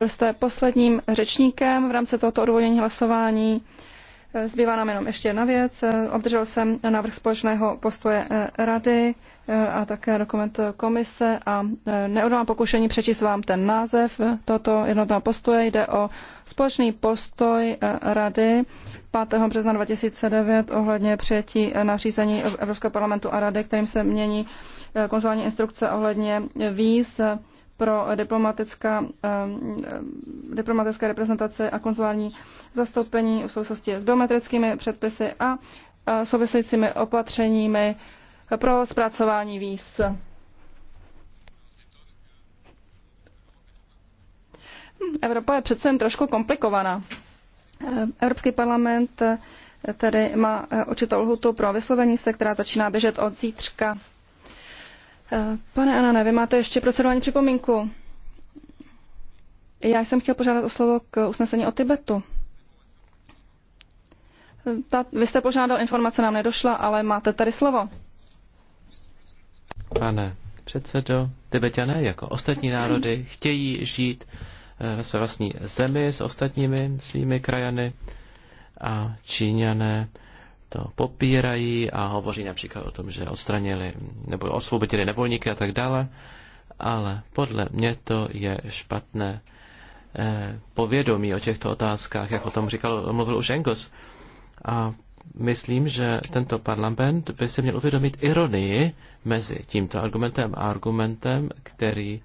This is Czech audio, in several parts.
Byl jste posledním řečníkem v rámci tohoto odvolnění hlasování. Zbývá nám jenom ještě jedna věc. Obdržel jsem návrh společného postoje eh, rady eh, a také dokument komise a eh, neodolám pokušení přečíst vám ten název tohoto jednotného postoje. Jde o společný postoj rady 5. března 2009 ohledně přijetí nařízení Evropského parlamentu a rady, kterým se mění konzulární instrukce ohledně víz pro diplomatická, ehm, ehm, diplomatické reprezentace a konzulární zastoupení v souvislosti s biometrickými předpisy a souvisejícími opatřeními pro zpracování víz. Evropa je přece jen trošku komplikovaná. Ehm, Evropský parlament tedy má e, určitou lhutu pro vyslovení se, která začíná běžet od zítřka Eh, pane Anane, vy máte ještě procedurální připomínku. Já jsem chtěl požádat o slovo k usnesení o Tibetu. Eh, ta, vy jste požádal, informace nám nedošla, ale máte tady slovo. Pane předsedo, Tibetané jako ostatní národy chtějí žít eh, ve své vlastní zemi s ostatními svými krajany a Číňané to popírají a hovoří například o tom, že odstranili nebo osvobodili nevolníky a tak dále, ale podle mě to je špatné eh, povědomí o těchto otázkách, jak o tom říkal, mluvil už Engels. A myslím, že tento parlament by se měl uvědomit ironii mezi tímto argumentem a argumentem, který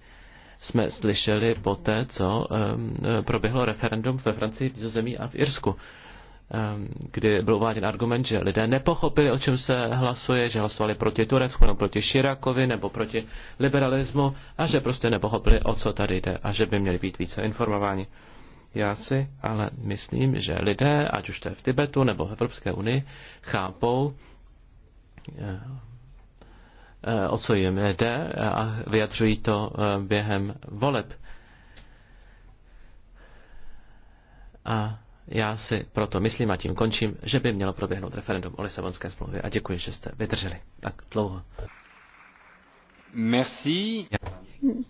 jsme slyšeli po té, co um, proběhlo referendum ve Francii, v Nizozemí a v Irsku. Ehm, kdy byl uváděn argument, že lidé nepochopili, o čem se hlasuje, že hlasovali proti Turecku nebo proti Širakovi nebo proti liberalismu a že prostě nepochopili, o co tady jde a že by měli být více informováni. Já si ale myslím, že lidé, ať už to je v Tibetu nebo v Evropské unii, chápou, eh, eh, o co jim jde a vyjadřují to eh, během voleb. A já si proto myslím a tím končím, že by mělo proběhnout referendum o Lisabonské smlouvě a děkuji, že jste vydrželi tak dlouho. Merci.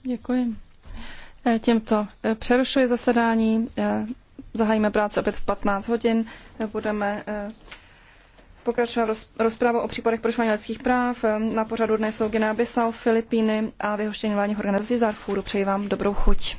Děkuji. Eh, tímto eh, přerušuji zasedání. Eh, zahájíme práci opět v 15 hodin. Budeme pokračovat rozprávu o případech porušování lidských práv. Na pořadu dnes jsou Guinea Bissau, Filipíny a vyhoštění vládních organizací z Přeji vám dobrou chuť.